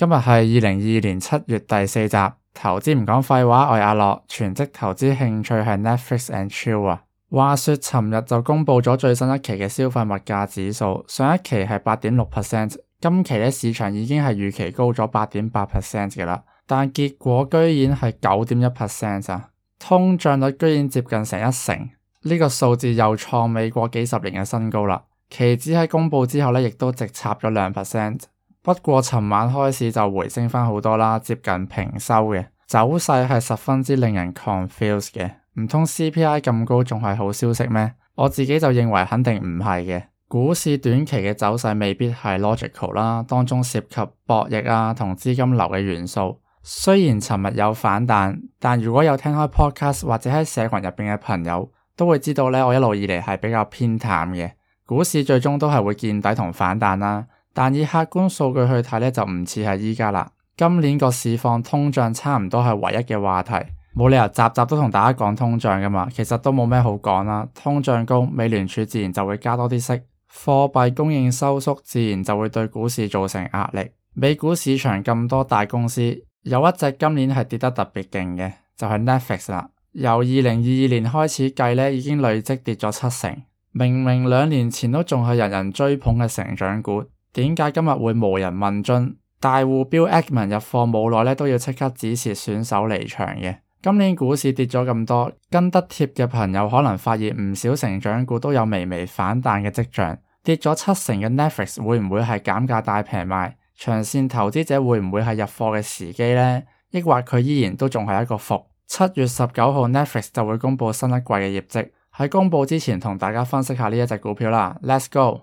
今日係二零二二年七月第四集，投資唔講廢話，我係阿樂，全職投資興趣係 Netflix and chill 啊。話說，尋日就公布咗最新一期嘅消費物價指數，上一期係八點六 percent，今期市場已經係預期高咗八點八 percent 嘅啦，但結果居然係九點一 percent 咋，通脹率居然接近成一成，呢個數字又創美國幾十年嘅新高啦。期指喺公布之後呢，亦都直插咗兩 percent。不過尋晚開始就回升翻好多啦，接近平收嘅。走勢係十分之令人 confused 嘅。唔通 CPI 咁高仲係好消息咩？我自己就認為肯定唔係嘅。股市短期嘅走勢未必係 logical 啦，當中涉及博弈啊同資金流嘅元素。雖然尋日有反彈，但如果有聽開 podcast 或者喺社群入邊嘅朋友都會知道咧，我一路以嚟係比較偏淡嘅。股市最終都係會見底同反彈啦。但以客觀數據去睇呢，就唔似係依家啦。今年個市況通脹差唔多係唯一嘅話題，冇理由集集都同大家講通脹㗎嘛。其實都冇咩好講啦。通脹高，美聯儲自然就會加多啲息；貨幣供應收縮，自然就會對股市造成壓力。美股市場咁多大公司，有一隻今年係跌得特別勁嘅，就係、是、Netflix 啦。由二零二二年開始計呢，已經累積跌咗七成。明明兩年前都仲係人人追捧嘅成長股。點解今日會無人問津？大戶，Bill Ackman 入貨冇耐咧，都要即刻指示選手離場嘅。今年股市跌咗咁多，跟得貼嘅朋友可能發現唔少成長股都有微微反彈嘅跡象。跌咗七成嘅 Netflix 會唔會係減價大平賣？長線投資者會唔會係入貨嘅時機咧？抑或佢依然都仲係一個伏？七月十九號 Netflix 就會公布新一季嘅業績，喺公布之前同大家分析下呢一隻股票啦。Let's go！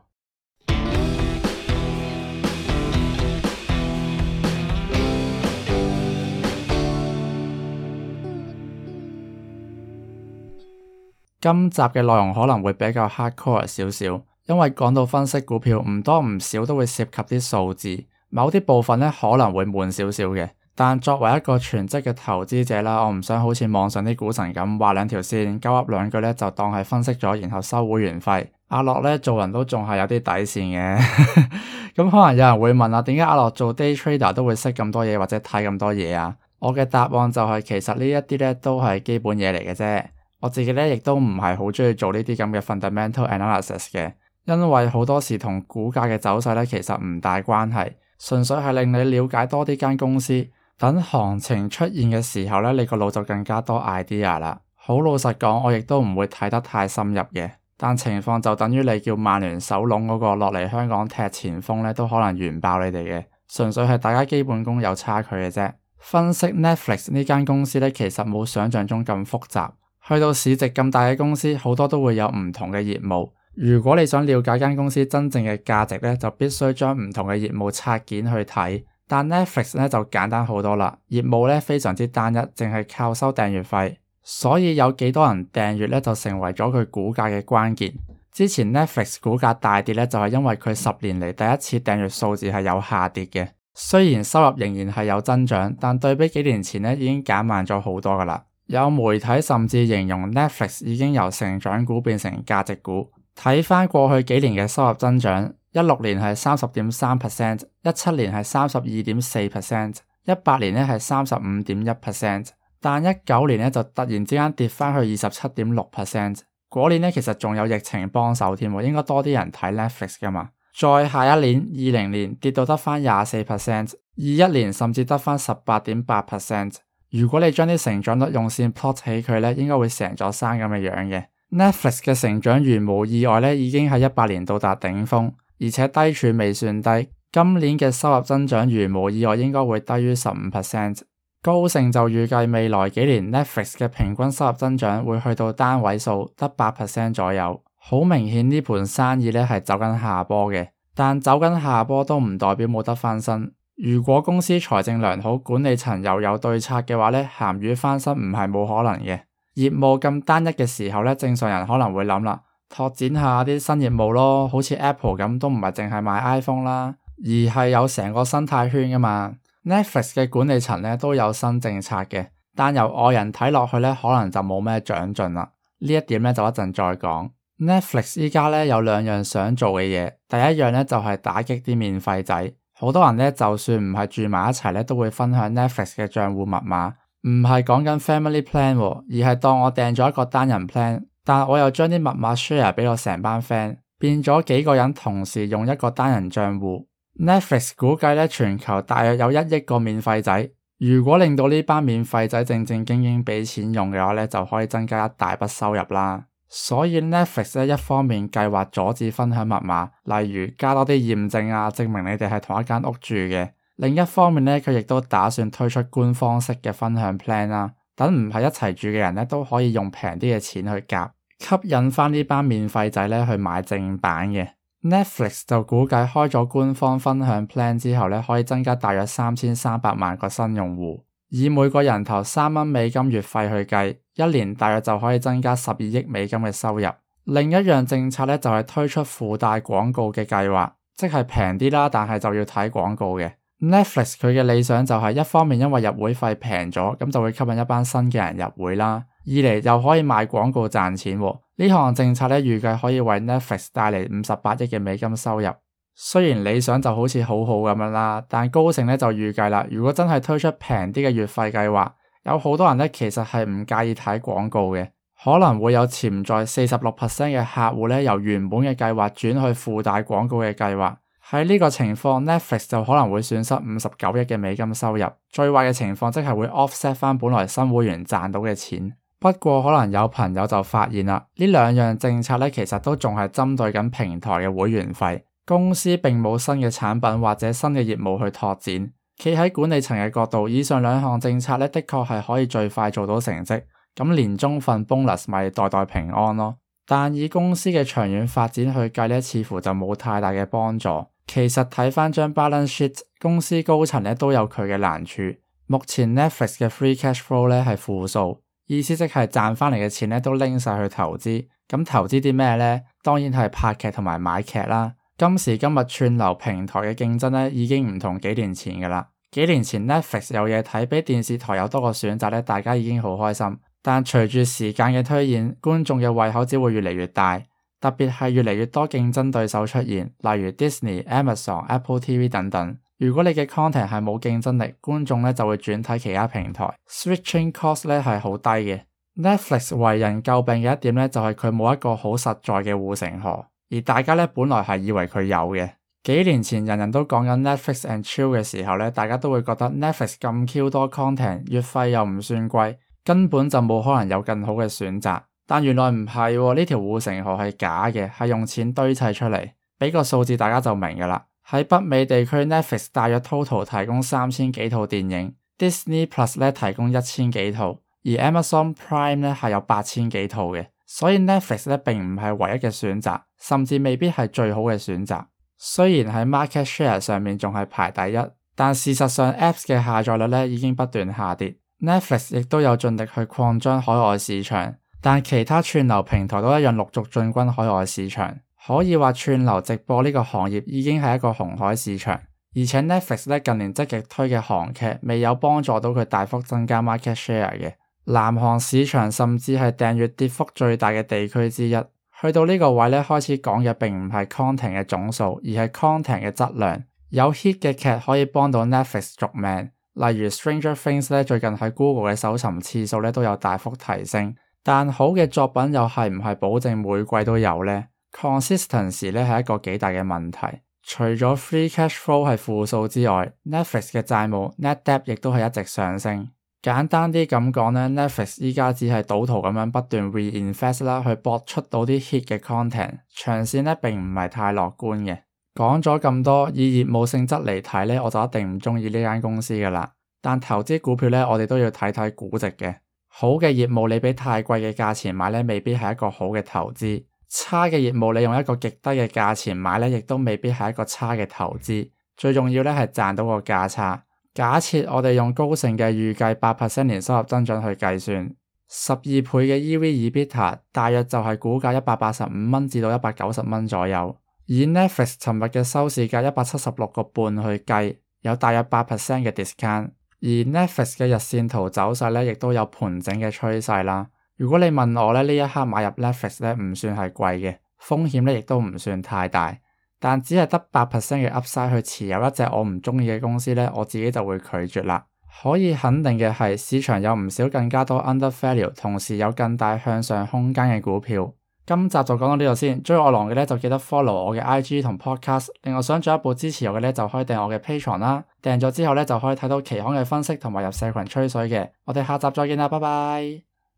今集嘅內容可能會比較 hardcore 少少，因為講到分析股票，唔多唔少都會涉及啲數字，某啲部分呢可能會悶少少嘅。但作為一個全職嘅投資者啦，我唔想好似網上啲股神咁畫兩條線，勾噏兩句呢就當係分析咗，然後收會員費。阿樂呢做人都仲係有啲底線嘅。咁 可能有人會問啊，點解阿樂做 day trader 都會識咁多嘢或者睇咁多嘢啊？我嘅答案就係、是，其實呢一啲呢都係基本嘢嚟嘅啫。我自己呢，亦都唔係好中意做呢啲咁嘅 fundamental analysis 嘅，因為好多時同股價嘅走勢咧，其實唔大關係，純粹係令你了解多啲間公司。等行情出現嘅時候呢，你個腦就更加多 idea 啦。好老實講，我亦都唔會睇得太深入嘅。但情況就等於你叫曼聯守籠嗰個落嚟香港踢前鋒呢都可能完爆你哋嘅。純粹係大家基本功有差距嘅啫。分析 Netflix 呢間公司呢，其實冇想象中咁複雜。去到市值咁大嘅公司，好多都會有唔同嘅業務。如果你想了解間公司真正嘅價值呢，就必須將唔同嘅業務拆件去睇。但 Netflix 呢就簡單好多啦，業務呢非常之單一，淨係靠收訂閱費。所以有幾多人訂閱呢，就成為咗佢股價嘅關鍵。之前 Netflix 股價大跌呢，就係因為佢十年嚟第一次訂閱數字係有下跌嘅。雖然收入仍然係有增長，但對比幾年前呢，已經減慢咗好多㗎啦。有媒體甚至形容 Netflix 已經由成長股變成價值股。睇返過去幾年嘅收入增長，一六年係三十點三 percent，一七年係三十二點四 percent，一八年呢係三十五點一 percent，但一九年呢就突然之間跌返去二十七點六 percent。嗰年呢其實仲有疫情幫手添，應該多啲人睇 Netflix 㗎嘛。再下一年二零年跌到得返廿四 percent，二一年甚至得返十八點八 percent。如果你將啲成長率用線 plot 起佢咧，應該會成座山咁嘅樣嘅。Netflix 嘅成長如無意外已經喺一八年到達頂峰，而且低處未算低。今年嘅收入增長如無意外，應該會低於十五 percent。高盛就預計未來幾年 Netflix 嘅平均收入增長會去到單位數，得八 percent 左右。好明顯呢盤生意咧，係走緊下坡嘅，但走緊下坡都唔代表冇得翻身。如果公司財政良好，管理層又有對策嘅話咧，鹹魚翻身唔係冇可能嘅。業務咁單一嘅時候咧，正常人可能會諗啦，拓展下啲新業務咯，好似 Apple 咁都唔係淨係賣 iPhone 啦，而係有成個生態圈噶嘛。Netflix 嘅管理層咧都有新政策嘅，但由外人睇落去咧，可能就冇咩長進啦。呢一點咧就一陣再講。Netflix 依家咧有兩樣想做嘅嘢，第一樣咧就係打擊啲免費仔。好多人呢，就算唔係住埋一齊呢，都會分享 Netflix 嘅賬戶密碼。唔係講緊 Family Plan，而係當我訂咗一個單人 plan，但我又將啲密碼 share 俾我成班 friend，變咗幾個人同時用一個單人賬戶。Netflix 估計呢，全球大約有一億個免費仔。如果令到呢班免費仔正正經經俾錢用嘅話呢，就可以增加一大筆收入啦。所以 Netflix 一方面計劃阻止分享密碼，例如加多啲驗證啊，證明你哋係同一間屋住嘅；另一方面咧，佢亦都打算推出官方式嘅分享 plan 啦，等唔係一齊住嘅人咧都可以用平啲嘅錢去夾，吸引翻呢班免費仔咧去買正版嘅。Netflix 就估計開咗官方分享 plan 之後咧，可以增加大約三千三百萬個新用戶。以每個人頭三蚊美金月費去計，一年大約就可以增加十二億美金嘅收入。另一樣政策咧就係推出附帶廣告嘅計劃，即係平啲啦，但係就要睇廣告嘅。Netflix 佢嘅理想就係一方面因為入會費平咗，咁就會吸引一班新嘅人入會啦。二嚟又可以賣廣告賺錢。呢項政策咧預計可以為 Netflix 帶嚟五十八億嘅美金收入。雖然理想就好似好好咁樣啦，但高盛呢就預計啦，如果真係推出平啲嘅月費計劃，有好多人呢其實係唔介意睇廣告嘅，可能會有潛在四十六 percent 嘅客戶呢由原本嘅計劃轉去附帶廣告嘅計劃。喺呢個情況，Netflix 就可能會損失五十九億嘅美金收入，最壞嘅情況即係會 offset 返本來新會員賺到嘅錢。不過可能有朋友就發現啦，呢兩樣政策呢其實都仲係針對緊平台嘅會員費。公司並冇新嘅產品或者新嘅業務去拓展。企喺管理層嘅角度，以上兩項政策呢的確係可以最快做到成績，咁年終份 bonus 咪代代代平安咯。但以公司嘅長遠發展去計呢，似乎就冇太大嘅幫助。其實睇返張 balance sheet，公司高層呢都有佢嘅難處。目前 Netflix 嘅 free cash flow 呢係負數，意思即係賺返嚟嘅錢呢都拎晒去投資。咁投資啲咩呢？當然係拍劇同埋買劇啦。今時今日串流平台嘅競爭呢，已經唔同幾年前㗎啦。幾年前 Netflix 有嘢睇，比電視台有多個選擇呢，大家已經好開心。但隨住時間嘅推演，觀眾嘅胃口只會越嚟越大，特別係越嚟越多競爭對手出現，例如 Disney、Amazon、Apple TV 等等。如果你嘅 content 係冇競爭力，觀眾呢就會轉睇其他平台。Switching cost 咧係好低嘅。Netflix 為人詬病嘅一點呢，就係佢冇一個好實在嘅護城河。而大家咧本來係以為佢有嘅，幾年前人人都講緊 Netflix and Chill 嘅時候咧，大家都會覺得 Netflix 咁 Q 多 content，月費又唔算貴，根本就冇可能有更好嘅選擇。但原來唔係喎，呢條護城河係假嘅，係用錢堆砌出嚟。俾個數字大家就明噶啦。喺北美地區，Netflix 大約 total 提供三千幾套電影，Disney Plus 咧提供一千幾套，而 Amazon Prime 咧係有八千幾套嘅。所以 Netflix 呢並唔係唯一嘅選擇，甚至未必係最好嘅選擇。雖然喺 market share 上面仲係排第一，但事實上 Apps 嘅下載率呢已經不斷下跌。Netflix 亦都有盡力去擴張海外市場，但其他串流平台都一樣陸續進軍海外市場。可以話串流直播呢個行業已經係一個紅海市場，而且 Netflix 呢近年積極推嘅韓劇未有幫助到佢大幅增加 market share 嘅。南韓市場甚至係訂月跌幅最大嘅地區之一。去到呢個位咧，開始講嘅並唔係 n 庭嘅總數，而係 n 庭嘅質量。有 h i t 嘅劇可以幫到 Netflix 續命，例如《Stranger Things》最近喺 Google 嘅搜尋次數都有大幅提升。但好嘅作品又係唔係保證每季都有呢 c o n s i s t e n c e 咧，係一個幾大嘅問題。除咗 Free Cash Flow 係負數之外，Netflix 嘅債務 Net Debt 亦都係一直上升。簡單啲咁講，Netflix 依家只係賭徒咁樣不斷 reinvest 啦，invest，去博出到啲 hit 嘅 content。長線咧並唔係太樂觀嘅。講咗咁多，以業務性質嚟睇咧，我就一定唔中意呢間公司㗎喇。但投資股票咧，我哋都要睇睇估值嘅。好嘅業務你畀太貴嘅價錢買咧，未必係一個好嘅投資；差嘅業務你用一個極低嘅價錢買咧，亦都未必係一個差嘅投資。最重要咧係賺到個價差。假設我哋用高盛嘅預計八 percent 年收入增長去計算，十二倍嘅 EV/EBITDA 大約就係股價一百八十五蚊至到一百九十蚊左右。以 Netflix 尋日嘅收市價一百七十六個半去計，有大約八 percent 嘅 discount。而 Netflix 嘅日線圖走勢咧，亦都有盤整嘅趨勢啦。如果你問我咧，呢一刻買入 Netflix 咧唔算係貴嘅，風險咧亦都唔算太大。但只係得八 percent 嘅 Upside 去持有一隻我唔中意嘅公司呢，我自己就會拒絕啦。可以肯定嘅係，市場有唔少更加多 Undervalue，同時有更大向上空間嘅股票。今集就講到呢度先。追我浪嘅呢，就記得 follow 我嘅 IG 同 Podcast。另外想進一步支持我嘅呢，就可以訂我嘅 Patreon 啦。訂咗之後呢，就可以睇到期刊嘅分析同埋入社群吹水嘅。我哋下集再見啦，拜拜。